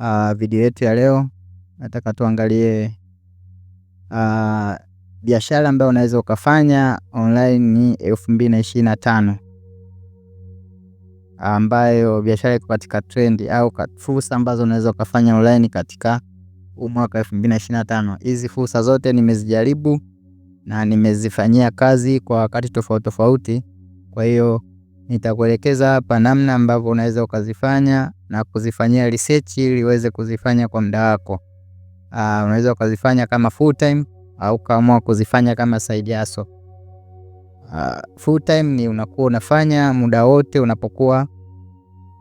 Uh, video yetu ya leo nataka tuangalie uh, biashara ambayo unaweza ukafanya online elfu mbili na ishirini na tano ambayo biashara iko katika trendi au fursa ambazo unaweza ukafanya online katika mwaka elfu mbili na ishirini na tano. Hizi fursa zote nimezijaribu na nimezifanyia kazi kwa wakati tofauti tofauti, kwa hiyo Nitakuelekeza hapa namna ambavyo unaweza ukazifanya na kuzifanyia research ili uweze kuzifanya kwa muda wako. Uh, unaweza ukazifanya kama full time au kaamua kuzifanya kama side hustle. Uh, full time ni unakuwa unafanya muda wote unapokuwa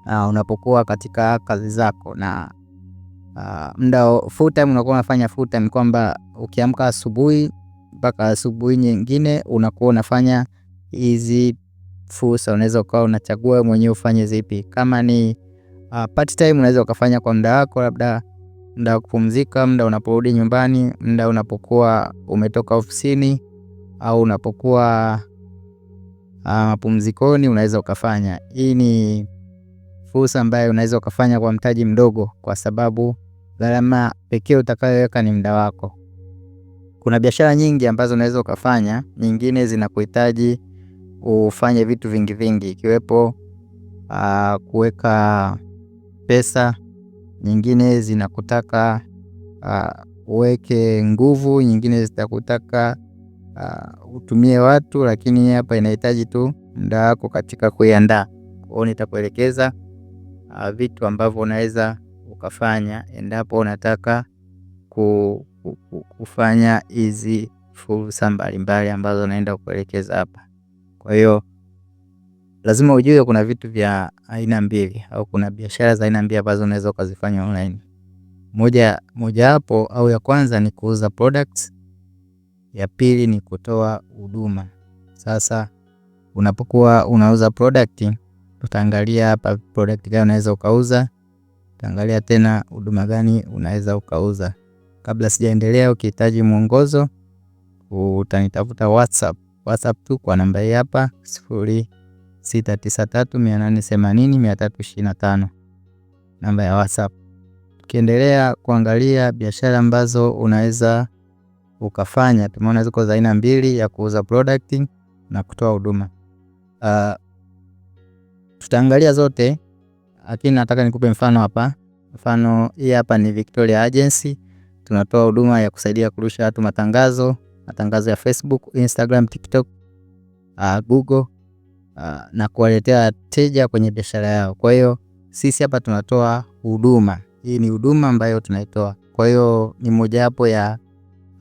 uh, unapokuwa katika kazi zako na uh, muda full time unakuwa unafanya full time kwamba ukiamka asubuhi mpaka asubuhi nyingine unakuwa unafanya hizi fursa, unaweza ukawa unachagua wewe mwenyewe ufanye zipi. Kama ni uh, part time unaweza ukafanya kwa muda wako, labda muda wa kupumzika, muda unaporudi nyumbani, muda unapokuwa umetoka ofisini au unapokuwa ah, mapumzikoni, uh, unaweza ukafanya. Hii ni fursa ambayo unaweza ukafanya kwa mtaji mdogo, kwa sababu gharama pekee utakayoweka ni muda wako. Kuna biashara nyingi ambazo unaweza ukafanya, nyingine zinakuhitaji ufanye vitu vingi vingi ikiwepo uh, kuweka pesa. Nyingine zinakutaka uh, uweke nguvu, nyingine zitakutaka uh, utumie watu, lakini hapa inahitaji tu muda wako katika kuiandaa. Kwa hiyo nitakuelekeza uh, vitu ambavyo unaweza ukafanya endapo unataka ku, ku, ku, kufanya hizi fursa mbalimbali ambazo naenda kuelekeza hapa. Kwa hiyo lazima ujue kuna vitu vya aina mbili au kuna biashara za aina mbili ambazo unaweza ukazifanya online. Moja hapo au ya kwanza ni kuuza products, ya pili ni kutoa huduma. Sasa unapokuwa unauza product, utaangalia hapa product gani unaweza ukauza, utaangalia tena huduma gani unaweza ukauza. Kabla sijaendelea, ukihitaji mwongozo utanitafuta WhatsApp WhatsApp tu kwa namba hii hapa 0693880325 namba ya WhatsApp. Tukiendelea kuangalia biashara ambazo unaweza ukafanya, tumeona ziko za aina mbili ya kuuza product na kutoa huduma. Uh, tutaangalia zote lakini nataka nikupe mfano hapa. Mfano hii hapa ni Victoria Agency, tunatoa huduma ya kusaidia kurusha watu matangazo matangazo ya Facebook, Instagram, TikTok, uh, Google uh, na kuwaletea wateja kwenye biashara yao. Kwa hiyo sisi hapa tunatoa huduma. Hii ni huduma ambayo tunaitoa. Kwa hiyo ni mojawapo ya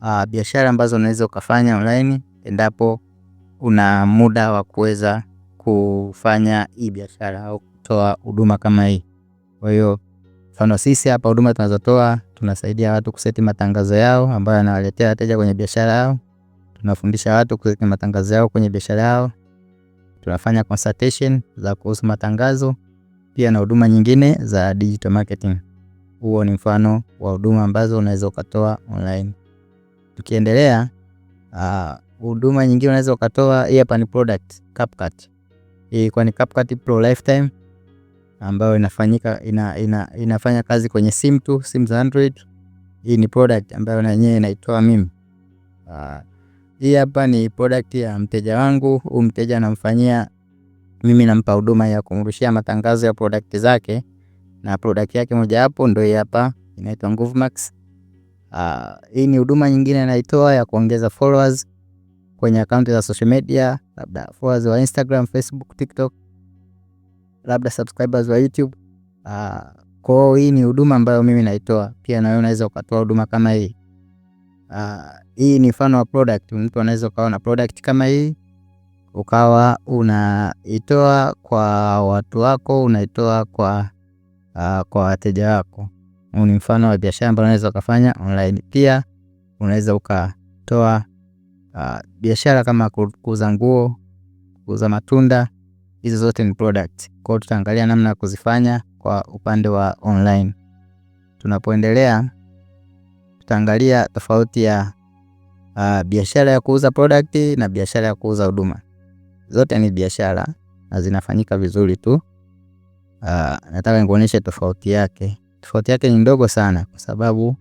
uh, biashara ambazo unaweza ukafanya online endapo una muda wa kuweza kufanya hii biashara au kutoa huduma kama hii. Kwa hiyo Mfano sisi hapa huduma tunazotoa tunasaidia watu kuseti matangazo yao ambayo yanawaletea wateja kwenye biashara yao. Tunafundisha watu kuseti matangazo yao kwenye biashara yao. Tunafanya consultation za kuhusu matangazo pia na huduma nyingine za digital marketing. Huo ni mfano wa huduma ambazo unaweza ukatoa online. Tukiendelea, ah, huduma uh, nyingine unaweza ukatoa hii hapa ni product CapCut. Hii kwa ni CapCut Pro Lifetime ambayo inafanyika ina, ina, inafanya kazi kwenye simu tu, simu za Android. Hii ni product ambayo na yenyewe naitoa mimi. Uh, hii hapa ni product ya mteja wangu. Huyu mteja anamfanyia mimi, nampa huduma ya kumrushia matangazo ya product zake, na product yake moja hapo ndio hii hapa inaitwa Nguvu Max. Uh, ah, hii ni huduma nyingine naitoa ya kuongeza followers kwenye akaunti za social media, labda followers wa Instagram, Facebook, TikTok labda subscribers wa YouTube. Ah, kwa hii ni huduma ambayo mimi naitoa, pia na wewe unaweza ukatoa huduma kama hii. Ah, hii ni mfano wa product. Mtu anaweza ukawa na product kama hii ukawa unaitoa kwa watu wako, unaitoa kwa uh, kwa wateja wako. Huu ni mfano wa biashara ambayo unaweza ukafanya online. Pia unaweza ukatoa uh, biashara kama kuuza nguo, kuuza matunda Hizo zote ni product. Kwa hiyo tutaangalia namna ya kuzifanya kwa upande wa online. Tunapoendelea tutaangalia tofauti ya uh, biashara ya kuuza product na biashara ya kuuza huduma. Zote ni biashara na zinafanyika vizuri tu. Uh, nataka nikuoneshe tofauti yake. Tofauti yake ni ndogo sana kwa sababu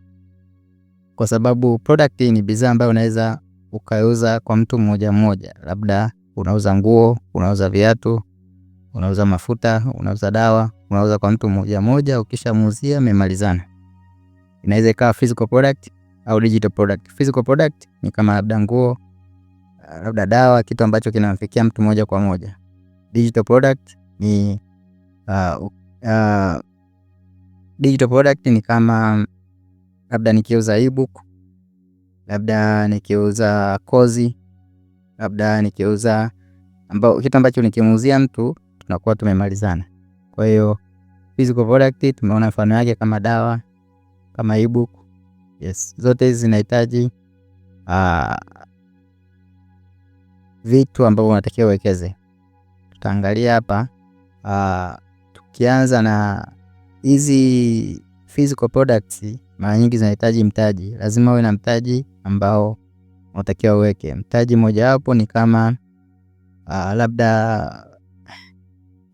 kwa sababu product ni bidhaa ambayo unaweza ukauza kwa mtu mmoja mmoja, labda unauza nguo, unauza viatu unauza mafuta, unauza dawa, unauza kwa mtu mmoja mmoja, ukishamuuzia memalizana. Inaweza ikawa physical product au digital product. Physical product ni kama labda nguo, ah, labda dawa, kitu ambacho kinamfikia mtu moja kwa moja. Digital product ni uh, uh, digital product ni kama labda nikiuza ebook, labda nikiuza kozi, labda nikiuza ambao kitu ambacho nikimuuzia mtu tunakuwa tumemalizana. Kwa hiyo physical product tumeona mfano yake kama dawa, kama ebook. Yes, zote hizi zinahitaji uh, vitu ambavyo unatakiwa uwekeze. Tutaangalia hapa uh, tukianza na hizi physical products, mara nyingi zinahitaji mtaji. Lazima uwe na mtaji ambao unatakiwa uweke. Mtaji mojawapo ni kama uh, labda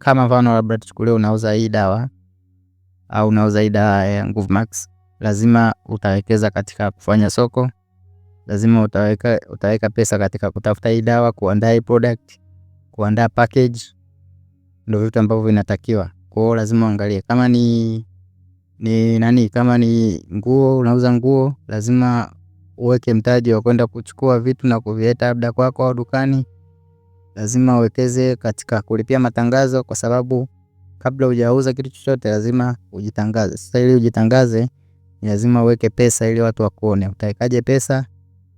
kama mfano labda tuchukulie unauza hii dawa au unauza hii dawa ya Nguvu Max, lazima utawekeza katika kufanya soko, lazima utaweka, utaweka pesa katika kutafuta hii dawa, kuandaa hii product, kuandaa package, ndio vitu ambavyo vinatakiwa. Kwa hiyo lazima uangalie kama ni ni nani, kama ni nguo unauza nguo, lazima uweke mtaji wa kwenda kuchukua vitu na kuvileta labda kwako au dukani lazima uwekeze katika kulipia matangazo, kwa sababu kabla hujauza kitu chochote lazima ujitangaze. Sasa ili ujitangaze ni lazima uweke pesa ili watu wakuone. Utawekaje pesa?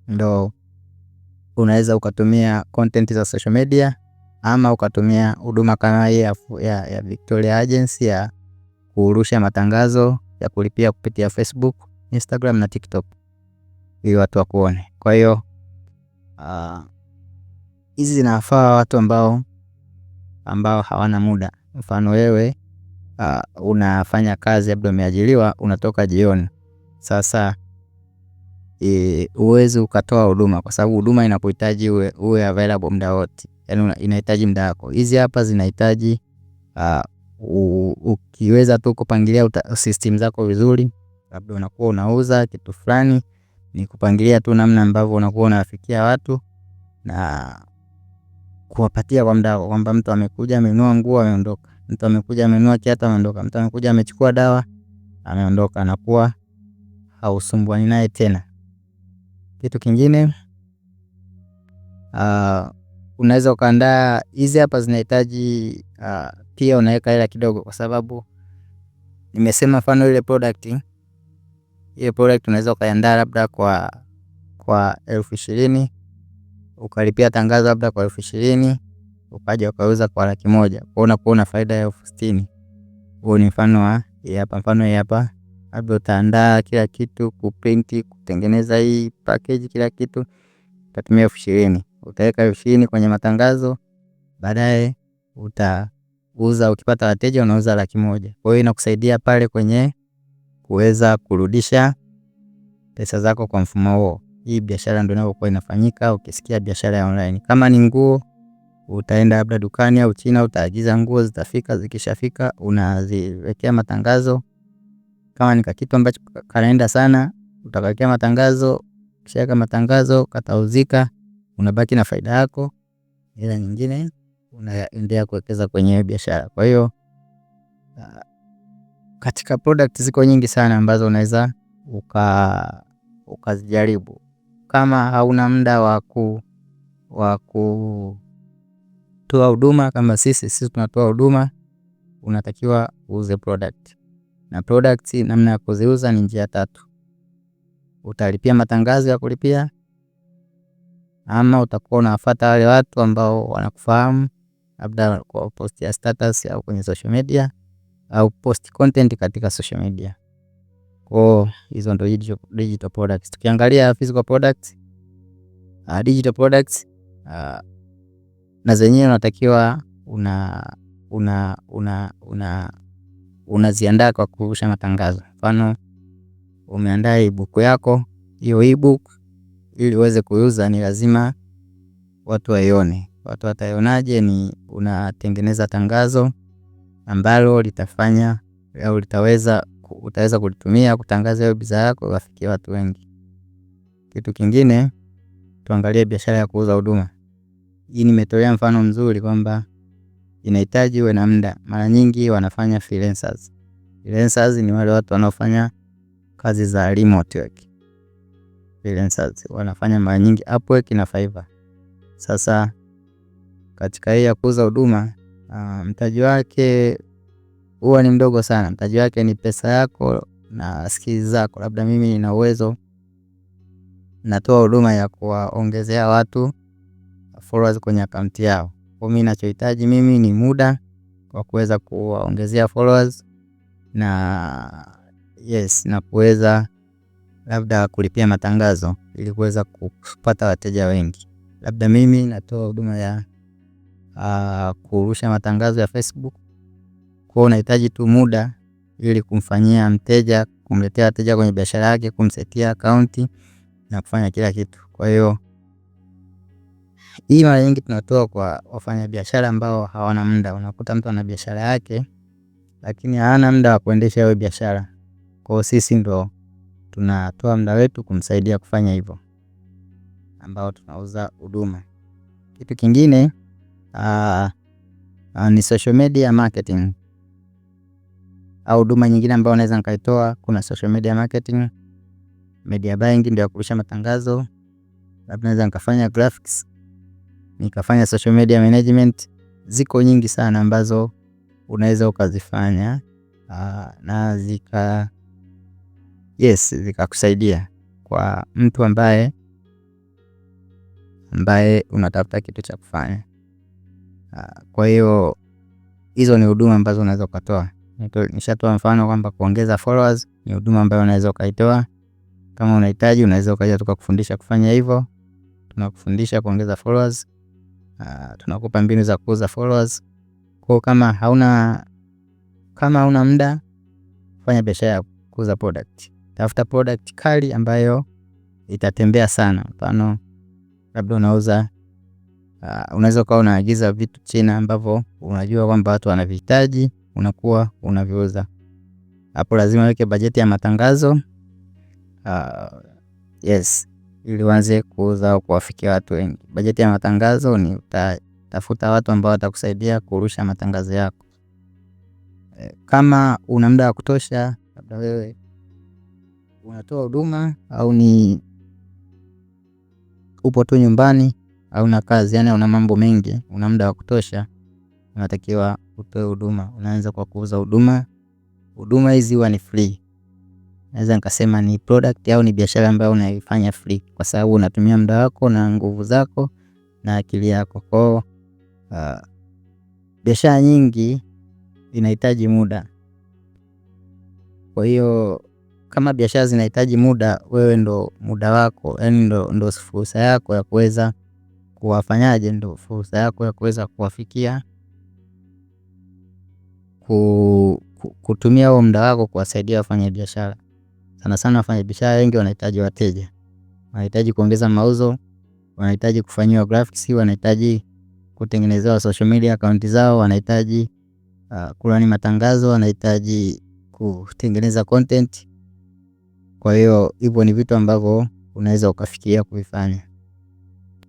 Ndo unaweza ukatumia content za social media ama ukatumia huduma kama hii ya, ya, ya Victoria Agency ya kurusha matangazo ya kulipia kupitia Facebook, Instagram na TikTok ili watu wakuone. Kwa hiyo uh, hizi zinafaa watu ambao ambao hawana muda. Mfano wewe uh, unafanya kazi labda umeajiriwa, unatoka jioni. Sasa e, uwezi ukatoa huduma kwa sababu huduma inakuhitaji uwe, uwe available muda wote, yani inahitaji muda wako. Hizi hapa zinahitaji uh, ukiweza tu kupangilia system zako vizuri, labda unakuwa unauza kitu fulani, ni kupangilia tu namna ambavyo unakuwa unawafikia watu na kuwapatia kwa muda, kwamba mtu amekuja amenunua nguo ameondoka, mtu amekuja amenunua kiatu ameondoka, mtu amekuja amechukua dawa ameondoka, anakuwa hausumbwani naye tena. Kitu kingine uh, unaweza ukaandaa hizi hapa zinahitaji uh, pia unaweka hela kidogo, kwa sababu nimesema mfano ile product ile product unaweza ukaiandaa labda kwa kwa elfu ishirini ukalipia tangazo labda kwa elfu ishirini ukaja ukauza kwa laki moja kwa unakuwa una faida ya elfu sitini. Huo ni mfano wa hapa. Mfano hapa labda utaandaa kila kitu, kuprinti, kutengeneza hii package, kila kitu utatumia elfu ishirini. Utaweka elfu ishirini kwenye matangazo, baadaye utauza. Ukipata wateja unauza laki moja. Kwa hiyo inakusaidia pale kwenye kuweza kurudisha pesa zako kwa mfumo huo hii biashara ndio inayokuwa inafanyika. Ukisikia biashara ya online, kama ni nguo, utaenda labda dukani au China, utaagiza nguo, zitafika. Zikishafika unaziwekea matangazo, kama ni kitu ambacho kanaenda sana, utakawekea matangazo, kishaweka matangazo, katauzika, unabaki na faida yako, ila nyingine unaendelea kuwekeza kwenye biashara. Kwa hiyo uh, katika product ziko nyingi sana ambazo unaweza ukazijaribu uka kama hauna muda wa ku wa kutoa huduma kama sisi sisi tunatoa huduma, unatakiwa uuze product. Na product namna ya kuziuza ni njia tatu: utalipia matangazo ya kulipia, ama utakuwa unawafuata wale watu ambao wanakufahamu, labda kwa post ya status au kwenye social media, au post content katika social media. Kwa oh, hizo ndo digital products. Tukiangalia physical products, uh, digital products uh, na zenyewe unatakiwa una una una una unaziandaa kwa kurusha matangazo. Mfano, umeandaa ebook yako, hiyo ebook ili uweze kuuza ni lazima watu waione. Watu wataionaje? Ni unatengeneza tangazo ambalo litafanya au litaweza utaweza kulitumia kutangaza hiyo bidhaa yako wafikie watu wengi. Kitu kingine tuangalie biashara ya kuuza huduma. Hii nimetolea mfano mzuri kwamba inahitaji uwe na muda. Mara nyingi wanafanya freelancers. Freelancers ni wale watu wanaofanya kazi za remote work. Freelancers wanafanya mara nyingi Upwork na Fiverr. Sasa katika hii ya kuuza huduma uh, mtaji wake huwa ni mdogo sana. Mtaji wake ni pesa yako na skills zako. Labda mimi nina uwezo, natoa huduma ya kuwaongezea watu followers kwenye akaunti yao. Kwa mimi ninachohitaji mimi ni muda wa kuweza kuwaongezea followers na yes, na kuweza labda kulipia matangazo ili kuweza kupata wateja wengi. Labda mimi natoa huduma ya uh, kurusha matangazo ya Facebook kwa unahitaji tu muda ili kumfanyia mteja, kumletea wateja kwenye biashara yake, kumsetia akaunti na kufanya kila kitu. Kwa hiyo hii mara nyingi tunatoa kwa wafanyabiashara ambao hawana muda. Unakuta mtu ana biashara yake lakini hana muda wa kuendesha hiyo biashara. Kwao sisi ndo tunatoa muda wetu kumsaidia kufanya hivyo, ambao tunauza huduma. Kitu kingine aa, aa, ni social media marketing au huduma nyingine ambayo naweza nikaitoa, kuna social media marketing, media buying ndio kurusha matangazo, labda naweza nikafanya graphics, nikafanya social media management. Ziko nyingi sana ambazo unaweza ukazifanya na zika yes zikakusaidia kwa mtu ambaye ambaye unatafuta kitu cha kufanya. Kwa hiyo hizo ni huduma ambazo unaweza ukatoa. Nishatoa mfano kwamba kuongeza followers ni huduma ambayo unaweza ukaitoa. Kama unahitaji unaweza ukaja tukakufundisha kufanya hivyo. Tunakufundisha kuongeza followers. Uh, tunakupa mbinu za kuuza followers. Kwa kama hauna kama hauna muda, fanya biashara ya kuuza product. Tafuta product kali ambayo itatembea sana. Mfano labda unauza uh, unaweza ukawa unaagiza vitu China ambavyo unajua kwamba watu wanavihitaji unakuwa unaviuza. Hapo lazima weke bajeti ya matangazo uh, yes, ili uanze kuuza au kuwafikia watu wengi. Bajeti ya matangazo ni utatafuta watu ambao watakusaidia kurusha matangazo yako. Kama una muda wa kutosha, labda wewe unatoa huduma au ni upo tu nyumbani au una kazi, yani una mambo mengi, una muda wa kutosha, unatakiwa utoe huduma. Unaanza kwa kuuza huduma. Huduma hizi huwa ni free, naweza nikasema ni product au ni biashara ambayo unaifanya free, kwa sababu unatumia muda wako na nguvu zako na akili yako. Kwa uh, biashara nyingi inahitaji muda, kwa hiyo kama biashara zinahitaji muda, wewe ndo muda wako, yani ndo, ndo fursa yako ya kuweza kuwafanyaje, ndo fursa yako ya kuweza kuwafikia ku, ku, kutumia huo muda wako kuwasaidia wafanya biashara. Sana sana wafanya biashara wengi wanahitaji wateja, wanahitaji kuongeza mauzo, wanahitaji kufanyiwa graphics, wanahitaji kutengenezewa social media account zao, wanahitaji uh, ah, kurani matangazo, wanahitaji kutengeneza content. Kwa hiyo hivyo ni vitu ambavyo unaweza ukafikiria kuvifanya.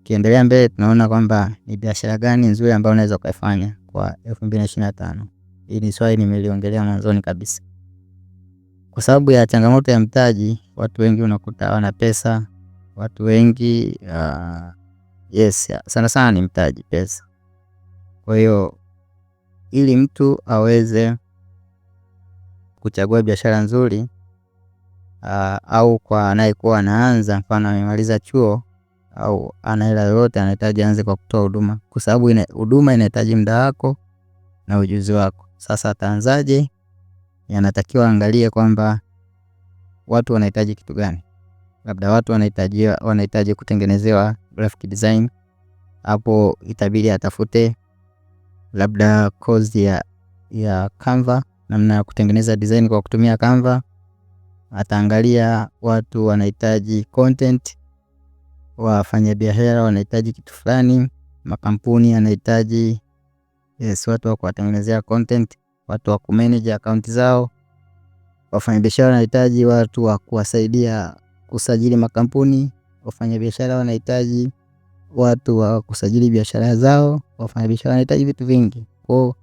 Ukiendelea mbele, tunaona kwamba ni biashara gani nzuri ambayo unaweza ukaifanya kwa elfu mbili na ishirini na tano ni swali nimeliongelea mwanzoni kabisa. Kwa sababu ya changamoto ya mtaji, watu wengi unakuta hawana pesa. Watu wengi uh, yes, sana sana ni mtaji, pesa. Kwa hiyo ili mtu aweze kuchagua biashara nzuri uh, au kwa anayekuwa anaanza, mfano amemaliza chuo au ana hela yoyote, anahitaji aanze kwa kutoa huduma, kwa sababu huduma inahitaji muda wako na ujuzi wako. Sasa ataanzaje? Yanatakiwa angalie kwamba watu wanahitaji kitu gani. Labda watu wanahitaji wanahitaji kutengenezewa graphic design, hapo itabidi atafute labda course ya ya Canva, namna ya kutengeneza design kwa kutumia Canva. Ataangalia watu wanahitaji content, wafanyabiashara wanahitaji kitu fulani, makampuni yanahitaji Yes, watu wa kuwatengenezea content, watu wa kumanage account zao. Wafanyabiashara wanahitaji watu wa kuwasaidia kusajili makampuni. Wafanyabiashara wanahitaji watu wa kusajili biashara zao. Wafanyabiashara wanahitaji vitu vingi. Kwa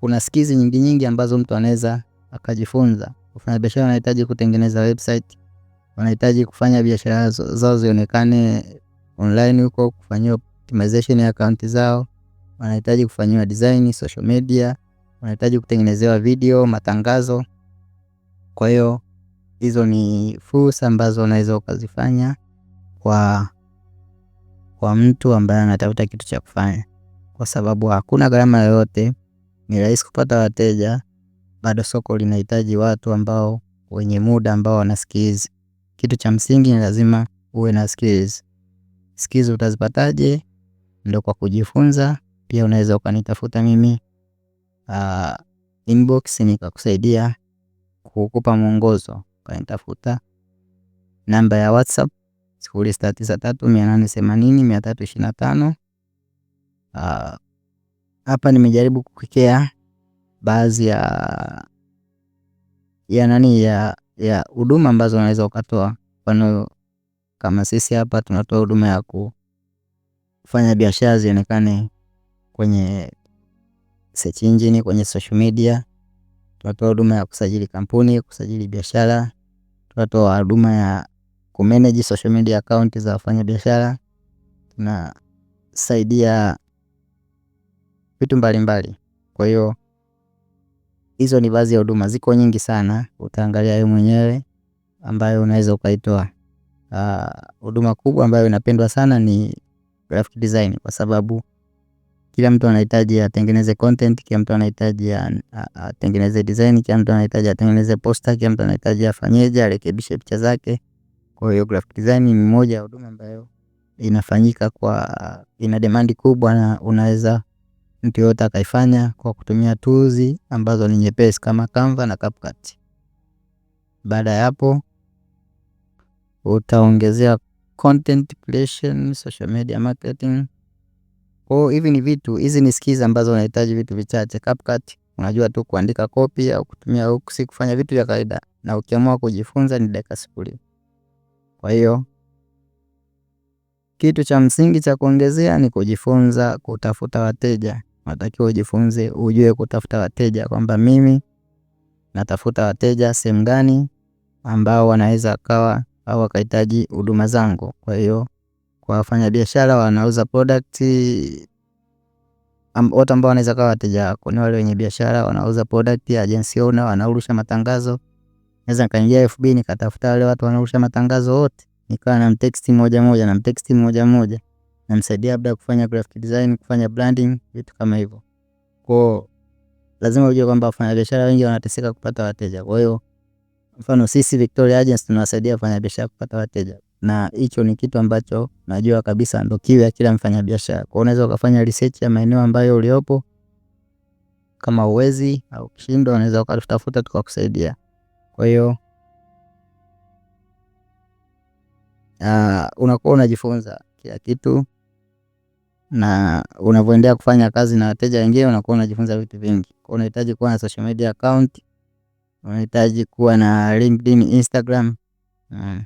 kuna skills nyingi nyingi ambazo mtu anaweza akajifunza. Wafanyabiashara wanahitaji kutengeneza website, wanahitaji kufanya biashara zao zionekane online huko, kufanyia optimization ya akaunti zao wanahitaji kufanyiwa design, social media, wanahitaji kutengenezewa video, matangazo. Kwa hiyo hizo ni fursa ambazo unaweza ukazifanya kwa kwa mtu ambaye anatafuta kitu cha kufanya, kwa sababu hakuna gharama yoyote, ni rahisi kupata wateja. Bado soko linahitaji watu ambao wenye muda ambao wana skills. Kitu cha msingi ni lazima uwe na skills. Skills utazipataje? Ndio kwa kujifunza. Pia unaweza ukanitafuta mimi uh, inbox nikakusaidia kukupa mwongozo. Ukanitafuta namba ya WhatsApp sifuri sita tisa tatu mia nane themanini mia tatu ishirini na tano. Ah, hapa nimejaribu kukikea baadhi ya ya nani ya ya huduma ambazo unaweza ukatoa. Mfano kama sisi hapa tunatoa huduma ya kufanya biashara zionekane kwenye search engine, kwenye social media. Tunatoa huduma ya kusajili kampuni, kusajili biashara. Tunatoa huduma ya kumanage social media account za wafanyabiashara. Tunasaidia vitu mbalimbali. Kwa hiyo hizo ni baadhi ya huduma, ziko nyingi sana, utaangalia wewe mwenyewe ambayo unaweza ukaitoa. Ah, huduma kubwa ambayo inapendwa sana ni graphic design kwa sababu kila mtu anahitaji atengeneze content, kila mtu anahitaji atengeneze design, kila mtu anahitaji atengeneze poster, kila mtu anahitaji afanyeje, arekebishe picha zake. Kwa hiyo graphic design ni moja ya huduma ambayo inafanyika kwa, ina demand kubwa na unaweza mtu yoyote akaifanya kwa kutumia tools ambazo ni nyepesi kama Canva na CapCut. Baada ya hapo utaongezea content creation, social media marketing kwa hiyo hivi ni vitu, hizi ni skills ambazo unahitaji vitu vichache. CapCut unajua tu kuandika copy au kutumia hooks kufanya vitu vya kawaida, na ukiamua kujifunza ni dakika sifuri. Kwa hiyo kitu cha msingi cha kuongezea ni kujifunza kutafuta wateja. Unatakiwa ujifunze ujue kutafuta wateja, kwamba mimi natafuta wateja sehemu gani ambao wanaweza kawa au wakahitaji huduma zangu. Kwa hiyo kwa wafanyabiashara wanauza product am, watu ambao wanaweza kawa wateja wako ni wale wenye biashara wanauza product ya agency owner, wanaurusha matangazo. Naweza nikaingia FB nikatafuta wale watu wanaurusha matangazo wote, nikawa na mtext moja moja na mtext moja moja, namsaidia labda kufanya graphic design, kufanya branding, vitu kama hivyo. Kwa lazima ujue kwamba wafanyabiashara wengi wanateseka kupata wateja, kwa hiyo mfano sisi Victoria Agency tunawasaidia wafanyabiashara kupata wateja na hicho ni kitu ambacho najua kabisa ndo kiwe kila mfanyabiashara. Kwa unaweza ukafanya research ya maeneo ambayo uliopo, kama uwezi au kishindo, unaweza ukatafuta tukakusaidia. Kwa hiyo uh, unakuwa unajifunza kila kitu na unavyoendelea kufanya kazi na wateja wengine unakuwa unajifunza vitu vingi. Kwa unahitaji kuwa na social media account, unahitaji kuwa na LinkedIn, Instagram. Uh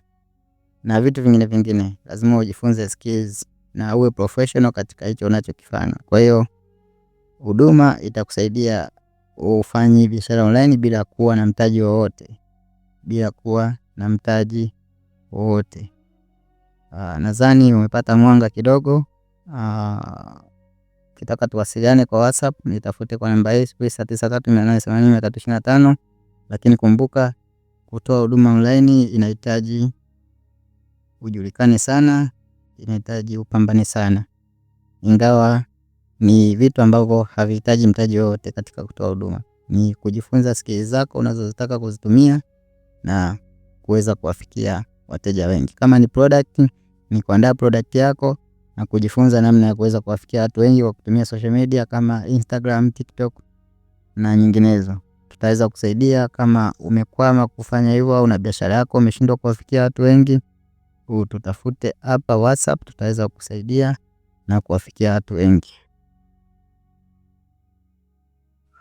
na vitu vingine vingine. Lazima ujifunze skills na uwe professional katika hicho unachokifanya. Kwa hiyo huduma itakusaidia ufanye biashara online bila kuwa na mtaji wowote, bila kuwa na mtaji wowote. Ah, nadhani umepata mwanga kidogo. Aa, ah, kitaka tuwasiliane kwa WhatsApp, nitafute kwa namba hii sifuri sita tisa tatu mia nane themanini mia tatu ishirini na tano. Lakini kumbuka kutoa huduma online inahitaji ujulikane sana, inahitaji upambane sana, ingawa ni vitu ambavyo havihitaji mtaji wowote katika kutoa huduma. Ni kujifunza skili zako unazozitaka kuzitumia na kuweza kuwafikia wateja wengi. Kama ni product, ni kuandaa product yako na kujifunza namna ya kuweza kuwafikia watu wengi kwa kutumia social media kama Instagram, TikTok na nyinginezo. Tutaweza kusaidia kama umekwama kufanya hivyo au na biashara yako umeshindwa kuwafikia watu wengi huu, tutafute hapa WhatsApp tutaweza kukusaidia na kuwafikia watu wengi.